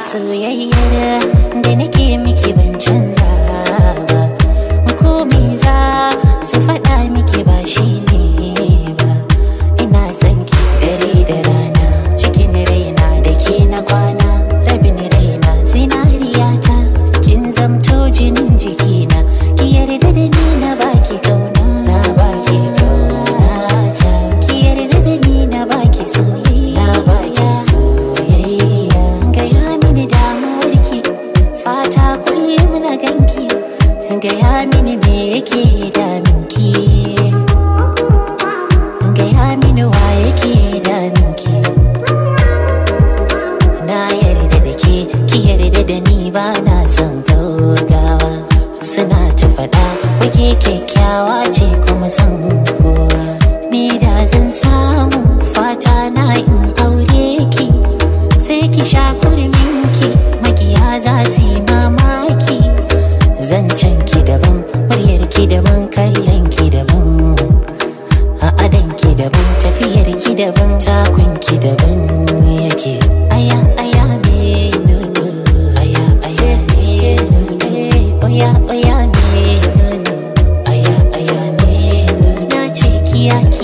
soyayyar da nake miki ban canza Gaya mini me yake daminki Gaya mini wa yake daminki Na yarda da ke, ki yarda da ni ba na son gaugawa Suna ta faɗa, wake kyakkyawa ce kuma son kowa Ni da zan samu fata na in aure ki Sai ki sha kurmin ki makiya za su yi mama zancen ki daban muryar ki daban kallon ki daban a adan ki daban tafiyar ki daban takun ki daban yake aya aya me nono aya aya me nono oya oya me nono aya aya me nono na ce kiya